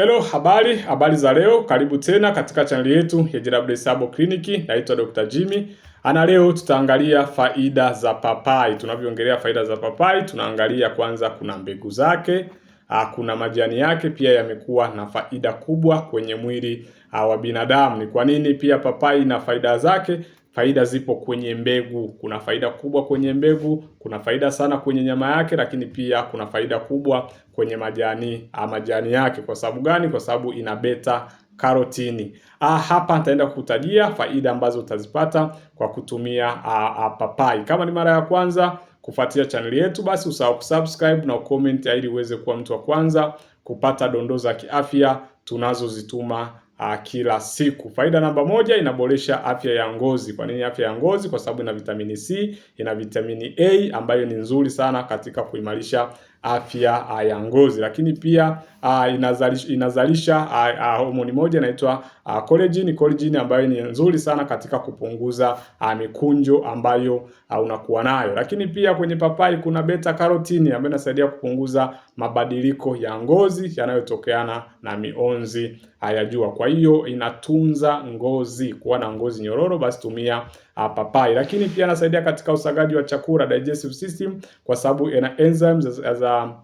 Hello, habari, habari za leo. Karibu tena katika chaneli yetu ya Jerablay Sabo Clinic. Naitwa Dr. Jimmy. Ana leo tutaangalia faida za papai. Tunavyoongelea faida za papai, tunaangalia kwanza kuna mbegu zake, ah, kuna majani yake pia yamekuwa na faida kubwa kwenye mwili ah, wa binadamu. Ni kwa nini pia papai ina faida zake Faida zipo kwenye mbegu. Kuna faida kubwa kwenye mbegu, kuna faida sana kwenye nyama yake, lakini pia kuna faida kubwa kwenye majani a ah, majani yake. Kwa sababu gani? Kwa sababu ina beta karotini. Ah, hapa nitaenda kukutajia faida ambazo utazipata kwa kutumia a, ah, a, ah, papai. Kama ni mara ya kwanza kufuatia chaneli yetu, basi usahau kusubscribe na comment ili uweze kuwa mtu wa kwanza kupata dondoo za kiafya tunazozituma uh, kila siku. Faida namba moja, inaboresha afya ya ngozi. Kwa nini afya ya ngozi? Kwa sababu ina vitamini C, ina vitamini A ambayo ni nzuri sana katika kuimarisha afya ah, ya ngozi, lakini pia ah, inazalisha, inazalisha ah, homoni moja inaitwa collagen, collagen ambayo ni nzuri sana katika kupunguza mikunjo ambayo unakuwa nayo. Lakini pia kwenye papai kuna beta carotene ambayo inasaidia kupunguza mabadiliko ya ngozi yanayotokeana na mionzi ya jua. Kwa hiyo inatunza ngozi, kuwa na ngozi nyororo, basi tumia papai, lakini pia anasaidia katika usagaji wa chakula digestive system, kwa sababu ina enzymes za, za,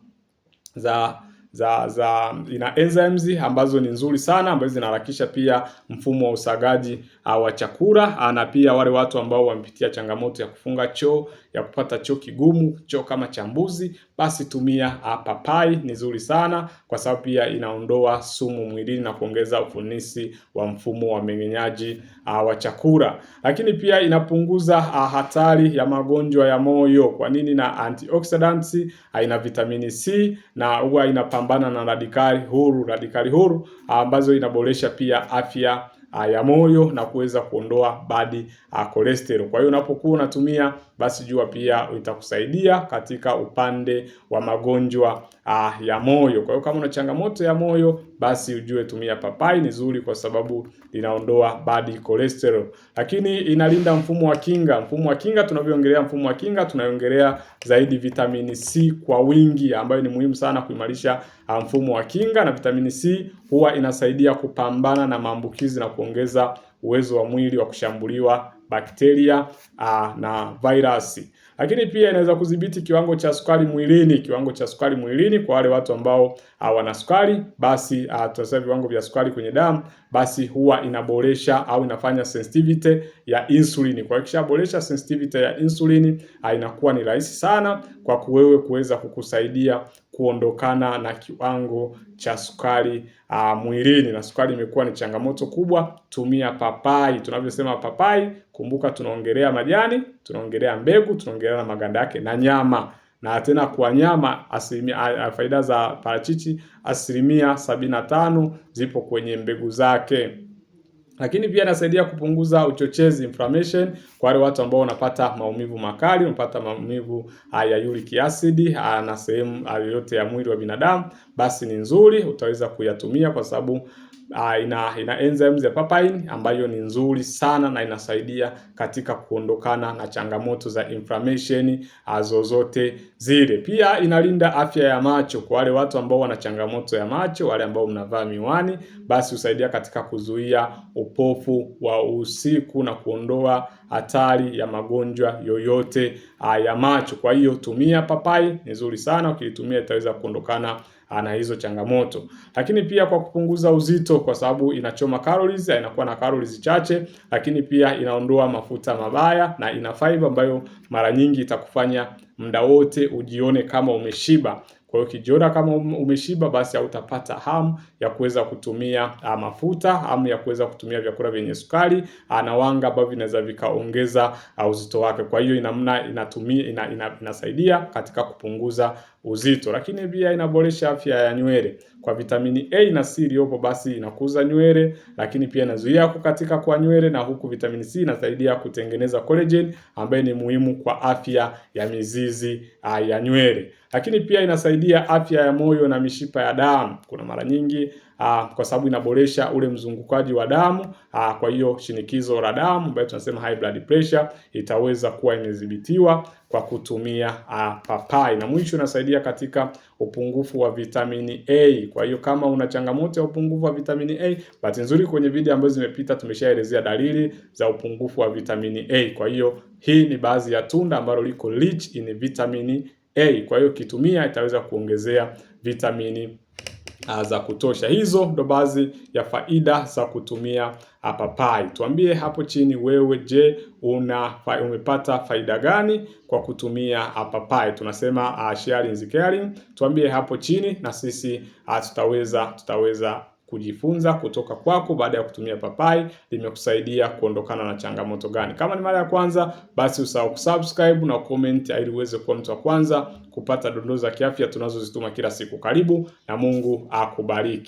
za za za ina enzymes ambazo ni nzuri sana ambazo zinaharakisha pia mfumo wa usagaji Uh, wa chakula uh, na pia wale watu ambao wamepitia changamoto ya kufunga choo, ya kupata choo kigumu, choo kama cha mbuzi, basi tumia uh, papai, ni nzuri sana kwa sababu pia inaondoa sumu mwilini na kuongeza ufanisi wa mfumo wa mmeng'enyaji wa chakula. Lakini pia inapunguza hatari ya magonjwa ya moyo. Kwa nini? Na antioxidants, ina vitamini C na huwa inapambana na radikali huru, radikali huru ambazo inaboresha pia afya Ah, ya moyo na kuweza kuondoa badi uh, cholesterol. Kwa hiyo unapokuwa unatumia basi jua pia itakusaidia katika upande wa magonjwa ah, ya moyo. Kwa hiyo kama una changamoto ya moyo basi ujue tumia papai, ni zuri kwa sababu linaondoa badi cholesterol, lakini inalinda mfumo wa kinga. Mfumo wa kinga, tunavyoongelea mfumo wa kinga, tunaongelea zaidi vitamini C kwa wingi, ambayo ni muhimu sana kuimarisha mfumo wa kinga, na vitamini C huwa inasaidia kupambana na maambukizi na kuongeza uwezo wa mwili wa kushambuliwa bakteria aa, ah, na virusi. Lakini pia inaweza kudhibiti kiwango cha sukari mwilini. Kiwango cha sukari mwilini kwa wale watu ambao ah, wana sukari, basi uh, tunasema viwango vya sukari kwenye damu, basi huwa inaboresha au inafanya sensitivity ya insulini. Kwa hiyo boresha sensitivity ya insulini, inakuwa ni rahisi sana kwa kuwewe kuweza kukusaidia kuondokana na kiwango cha sukari uh, mwilini, na sukari imekuwa ni changamoto kubwa. Tumia papai. Tunavyosema papai, kumbuka tunaongelea majani, tunaongelea mbegu, tunaongelea na maganda yake na nyama na tena kwa nyama asilimia faida za parachichi asilimia sabini na tano zipo kwenye mbegu zake lakini pia inasaidia kupunguza uchochezi inflammation kwa wale watu ambao wanapata maumivu makali, unapata maumivu ah, ya uric acid ah, na sehemu ah, yoyote ya mwili wa binadamu, basi ni nzuri, utaweza kuyatumia kwa sababu uh, ina, ina enzymes ya papain ambayo ni nzuri sana na inasaidia katika kuondokana na changamoto za inflammation ah, zozote zile. Pia inalinda afya ya macho kwa wale watu ambao wana changamoto ya macho, wale ambao mnavaa miwani, basi husaidia katika kuzuia upofu wa usiku na kuondoa hatari ya magonjwa yoyote uh, ya macho. Kwa hiyo tumia papai, ni nzuri sana, ukilitumia itaweza kuondokana na hizo changamoto, lakini pia kwa kupunguza uzito moto kwa sababu inachoma calories, inakuwa na calories chache, lakini pia inaondoa mafuta mabaya na ina fiber ambayo mara nyingi itakufanya muda wote ujione kama umeshiba. Kwa hiyo ukijiona kama umeshiba, basi hautapata hamu ya kuweza kutumia uh, mafuta, hamu ya kuweza kutumia vyakula vyenye sukari uh, na wanga ambavyo vinaweza vikaongeza uh, uzito wake. Kwa hiyo inamna inatumia ina, ina, inasaidia katika kupunguza uzito, lakini pia inaboresha afya ya nywele kwa vitamini A na C iliyopo, basi inakuza nywele, lakini pia inazuia kukatika kwa nywele, na huku vitamini C inasaidia kutengeneza collagen ambayo ni muhimu kwa afya ya mizizi ah, ya nywele, lakini pia inasaidia afya ya moyo na mishipa ya damu. Kuna mara nyingi uh, kwa sababu inaboresha ule mzungukaji wa damu uh, kwa hiyo shinikizo la damu ambayo tunasema high blood pressure itaweza kuwa imedhibitiwa kwa kutumia uh, papai, na mwisho inasaidia katika upungufu wa vitamini A. Kwa hiyo kama una changamoto ya upungufu wa vitamini A, bahati nzuri kwenye video ambazo zimepita tumeshaelezea dalili za upungufu wa vitamini A. Kwa hiyo hii ni baadhi ya tunda ambalo liko rich in vitamini A. Kwa hiyo kitumia itaweza kuongezea vitamini uh, za kutosha. Hizo ndo baadhi ya faida za kutumia ah, papai. Tuambie hapo chini wewe, je, una umepata faida gani kwa kutumia ah, papai? Tunasema uh, sharing is caring. Tuambie hapo chini na sisi uh, tutaweza tutaweza kujifunza kutoka kwako baada ya kutumia papai limekusaidia kuondokana na changamoto gani. Kama ni mara ya kwanza, basi usahau kusubscribe na comment ili uweze kuwa mtu wa kwanza kupata dondoo za kiafya tunazozituma kila siku. Karibu na Mungu akubariki.